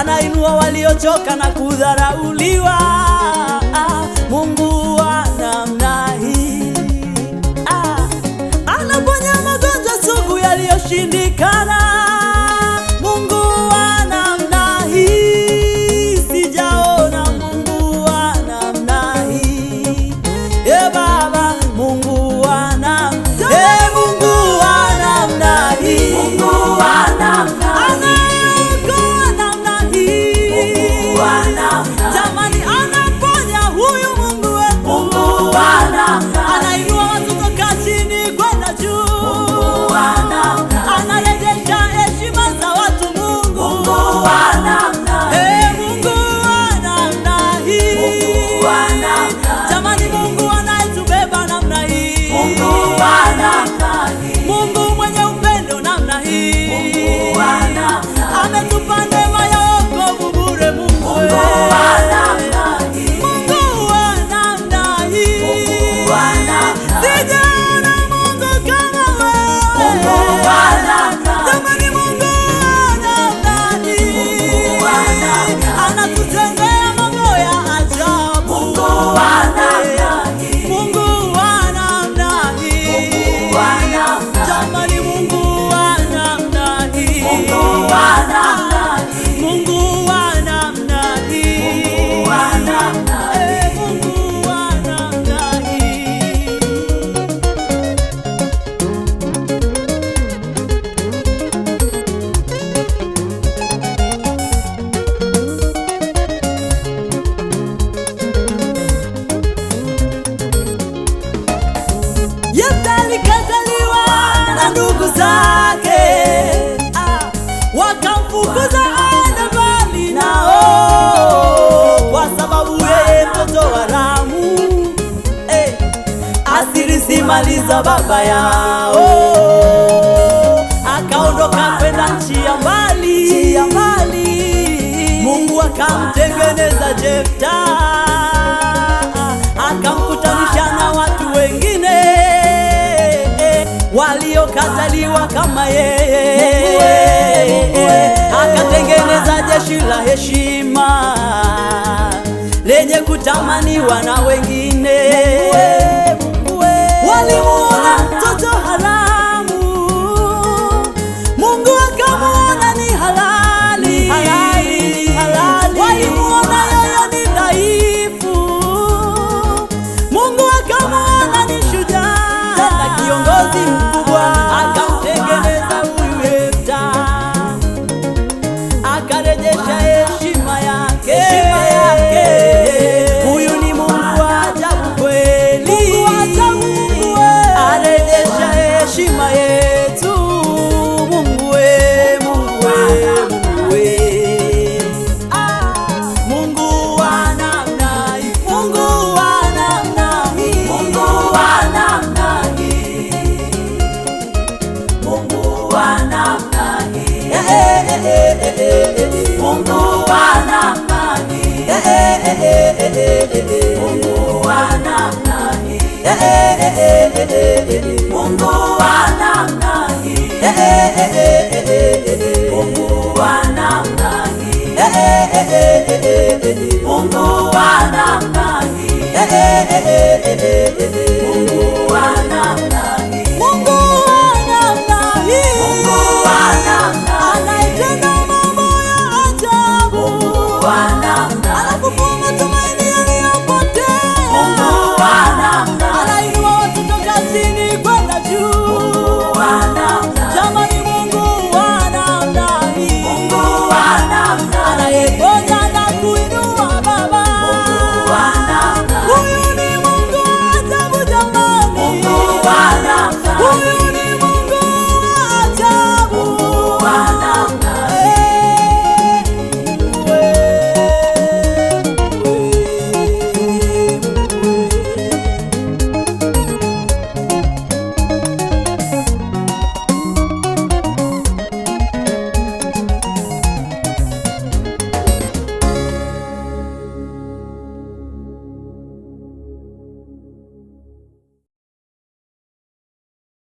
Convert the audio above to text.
anainua waliochoka na kudharauliwa. Mungu wa namna hii ah, anaponya magonjwa sugu yaliyoshindikana za baba yao, akaondoka kwenda nchi ya mbali. Mungu akamtengeneza Jefta, akamkutanisha na watu wengine waliokataliwa kama yeye, akatengeneza jeshi la heshima lenye kutamaniwa na wengine walimuona mtoto hara Mungu wa namna gani? Mungu wa namna gani? Mungu wa namna gani? Mungu wa namna gani? Mungu wa namna gani? Mungu wa namna